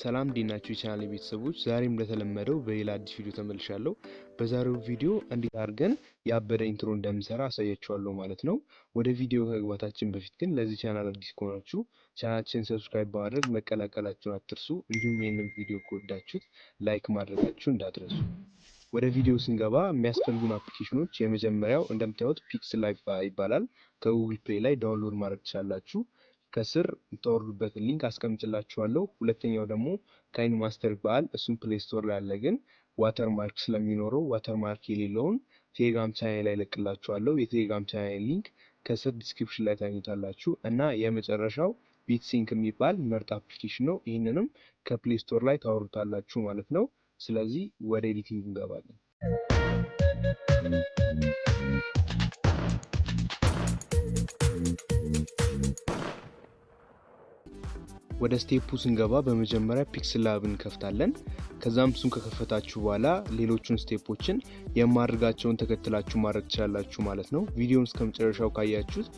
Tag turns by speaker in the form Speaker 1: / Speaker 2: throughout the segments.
Speaker 1: ሰላም ዲናችሁ የቻናል ቤተሰቦች፣ ዛሬም እንደተለመደው በሌላ አዲስ ቪዲዮ ተመልሻለሁ። በዛሬው ቪዲዮ እንዴት አድርገን ያበደ ኢንትሮ እንደምሰራ አሳያችኋለሁ ማለት ነው። ወደ ቪዲዮ ከግባታችን በፊት ግን ለዚህ ቻናል አዲስ ከሆናችሁ ቻናችን ሰብስክራይብ በማድረግ መቀላቀላችሁን አትርሱ። እንዲሁም ይህንን ቪዲዮ ከወዳችሁት ላይክ ማድረጋችሁ እንዳትረሱ። ወደ ቪዲዮ ስንገባ የሚያስፈልጉን አፕሊኬሽኖች የመጀመሪያው እንደምታዩት ፒክስ ላይቭ ይባላል። ከጉግል ፕሌይ ላይ ዳውንሎድ ማድረግ ትችላላችሁ። ከስር የምታወርዱበትን ሊንክ አስቀምጭላችኋለሁ። ሁለተኛው ደግሞ ካይን ማስተር ይባላል። እሱም ፕሌይ ስቶር ላይ ያለ ግን ዋተር ማርክ ስለሚኖረው ዋተር ማርክ የሌለውን ቴሌግራም ቻናል ላይ ለቅላችኋለሁ። የቴሌግራም ቻናል ሊንክ ከስር ዲስክሪፕሽን ላይ ታገኙታላችሁ። እና የመጨረሻው ቢትሲንክ የሚባል ምርጥ አፕሊኬሽን ነው። ይህንንም ከፕሌይ ስቶር ላይ ታወርዱታላችሁ ማለት ነው። ስለዚህ ወደ ኤዲቲንግ እንገባለን። ወደ ስቴፑ ስንገባ በመጀመሪያ ፒክስል ላብ እንከፍታለን። ከዛም እሱን ከከፈታችሁ በኋላ ሌሎቹን ስቴፖችን የማድርጋቸውን ተከትላችሁ ማድረግ ትችላላችሁ ማለት ነው። ቪዲዮን እስከ መጨረሻው ካያችሁት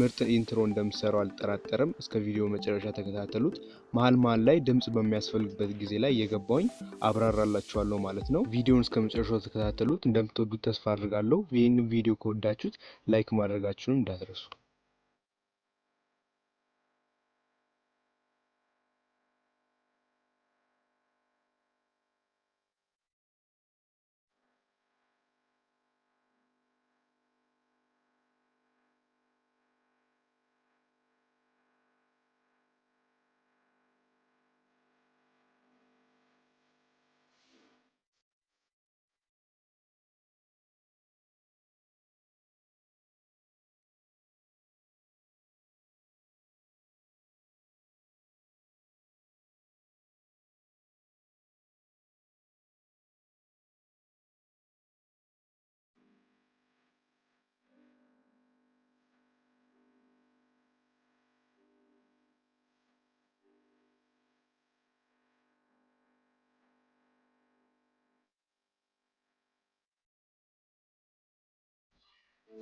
Speaker 1: ምርጥ ኢንትሮ እንደምሰራው አልጠራጠርም። እስከ ቪዲዮ መጨረሻ ተከታተሉት። መሀል መሀል ላይ ድምፅ በሚያስፈልግበት ጊዜ ላይ እየገባውኝ አብራራላችኋለሁ ማለት ነው። ቪዲዮን እስከ መጨረሻው ተከታተሉት። እንደምትወዱት ተስፋ አድርጋለሁ። ይህን ቪዲዮ ከወዳችሁት ላይክ ማድረጋችሁንም እንዳትረሱ።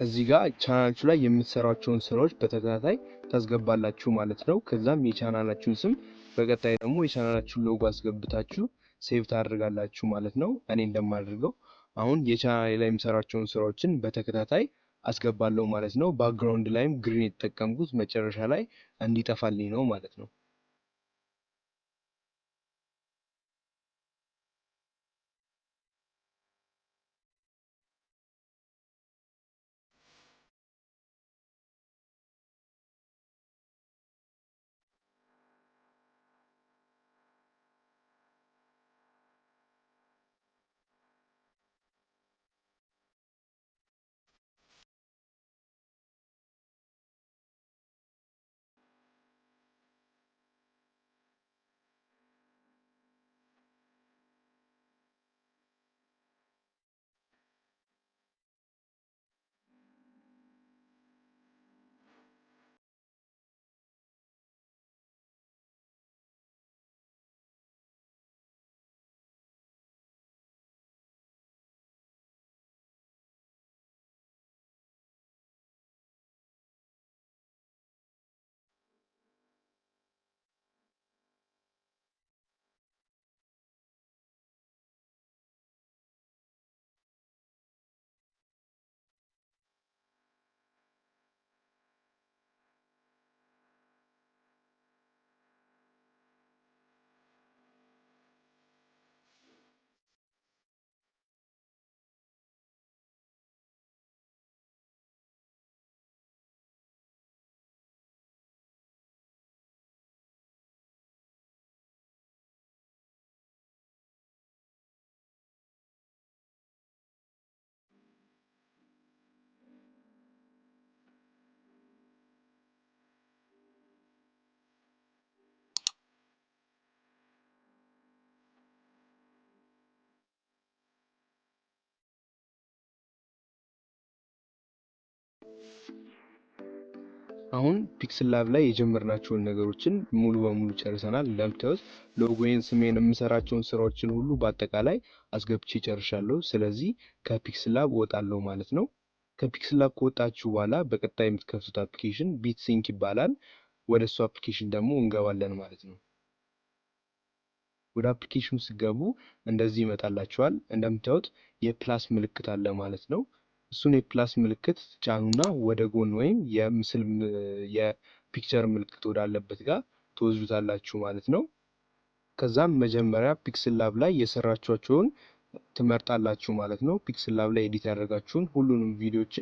Speaker 1: እዚህ ጋር ቻናላችሁ ላይ የምትሰሯቸውን ስራዎች በተከታታይ ታስገባላችሁ ማለት ነው። ከዛም የቻናላችሁን ስም በቀጣይ ደግሞ የቻናላችሁን ሎጎ አስገብታችሁ ሴቭ ታደርጋላችሁ ማለት ነው። እኔ እንደማደርገው አሁን የቻናል ላይ የምሰራቸውን ስራዎችን በተከታታይ አስገባለሁ ማለት ነው። ባክግራውንድ ላይም ግሪን የተጠቀምኩት መጨረሻ ላይ እንዲጠፋልኝ ነው ማለት ነው። አሁን ፒክስል ላብ ላይ የጀመርናቸውን ነገሮችን ሙሉ በሙሉ ጨርሰናል። እንደምታዩት ሎጎዬን፣ ስሜን፣ የምሰራቸውን ስራዎችን ሁሉ በአጠቃላይ አስገብቼ ጨርሻለሁ። ስለዚህ ከፒክስል ላብ ወጣለሁ ማለት ነው። ከፒክስል ላብ ከወጣችሁ በኋላ በቀጣይ የምትከፍቱት አፕሊኬሽን ቢት ሲንክ ይባላል። ወደ እሱ አፕሊኬሽን ደግሞ እንገባለን ማለት ነው። ወደ አፕሊኬሽኑ ስገቡ እንደዚህ ይመጣላችኋል። እንደምታዩት የፕላስ ምልክት አለ ማለት ነው። እሱን የፕላስ ምልክት ጫኑና ወደ ጎን ወይም የምስል የፒክቸር ምልክት ወዳለበት ጋር ትወስዱታላችሁ ማለት ነው። ከዛም መጀመሪያ ፒክስል ላብ ላይ የሰራችኋቸውን ትመርጣላችሁ ማለት ነው። ፒክስል ላብ ላይ ኤዲት ያደረጋችሁን ሁሉንም ቪዲዮች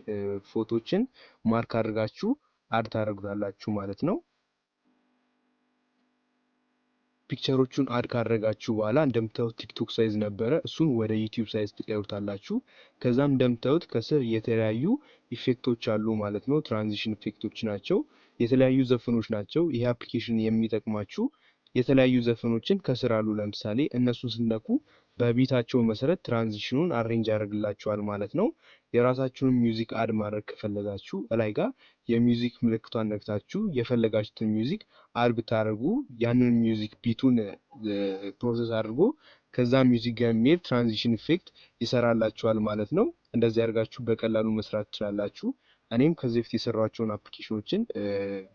Speaker 1: ፎቶችን ማርክ አድርጋችሁ አድ ታደርጉታላችሁ ማለት ነው። ፒክቸሮቹን አድ ካደረጋችሁ በኋላ እንደምታዩት ቲክቶክ ሳይዝ ነበረ። እሱን ወደ ዩቲዩብ ሳይዝ ትቀይሩታላችሁ። ከዛም እንደምታዩት ከስር የተለያዩ ኢፌክቶች አሉ ማለት ነው። ትራንዚሽን ኢፌክቶች ናቸው። የተለያዩ ዘፈኖች ናቸው። ይህ አፕሊኬሽን የሚጠቅማችሁ የተለያዩ ዘፈኖችን ከስር አሉ። ለምሳሌ እነሱን ስነኩ በቢታቸው መሰረት ትራንዚሽኑን አሬንጅ ያደርግላችኋል ማለት ነው። የራሳችሁን ሚውዚክ አድ ማድረግ ከፈለጋችሁ እላይ ጋር የሚውዚክ ምልክቷን ነክታችሁ የፈለጋችሁትን ሚውዚክ አድ ብታደርጉ ያንን ሚውዚክ ቢቱን ፕሮሰስ አድርጎ ከዛ ሚውዚክ ጋር የሚሄድ ትራንዚሽን ኢፌክት ይሰራላችኋል ማለት ነው። እንደዚህ አድርጋችሁ በቀላሉ መስራት ትችላላችሁ። እኔም ከዚህ በፊት የሰራቸውን አፕሊኬሽኖችን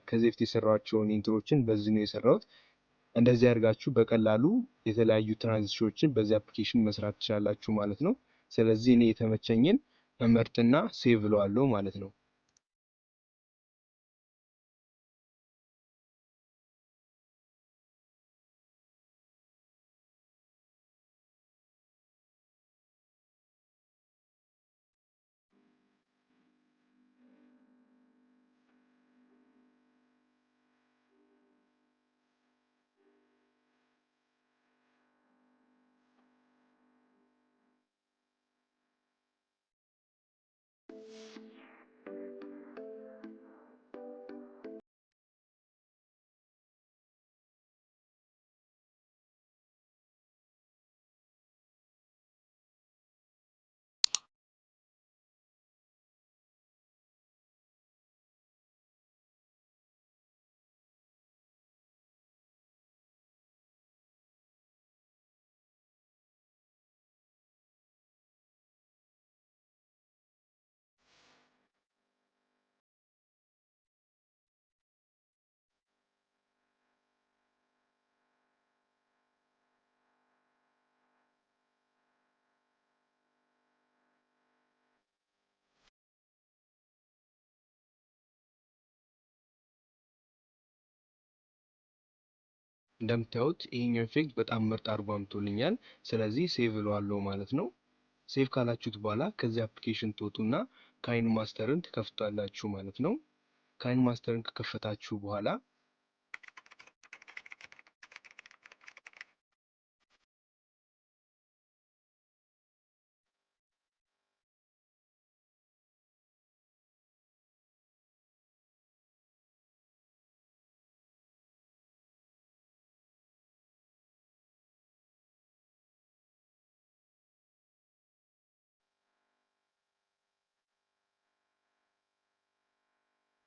Speaker 1: ከዚህ በፊት የሰራቸውን ኢንትሮችን በዚህ ነው የሰራሁት። እንደዚህ አድርጋችሁ በቀላሉ የተለያዩ ትራንዚሽኖችን በዚህ አፕሊኬሽን መስራት ትችላላችሁ ማለት ነው። ስለዚህ እኔ የተመቸኝን ምርትና ሴቭ እለዋለሁ ማለት ነው። እንደምታዩት ይሄኛው ኢፌክት በጣም ምርጥ አድርጎ ስለዚህ ሴቭ እለዋለሁ ማለት ነው። ሴቭ ካላችሁት በኋላ ከዚህ አፕሊኬሽን ትወጡና ካይን ማስተርን ትከፍታላችሁ ማለት ነው። ካይን ማስተርን ከከፈታችሁ በኋላ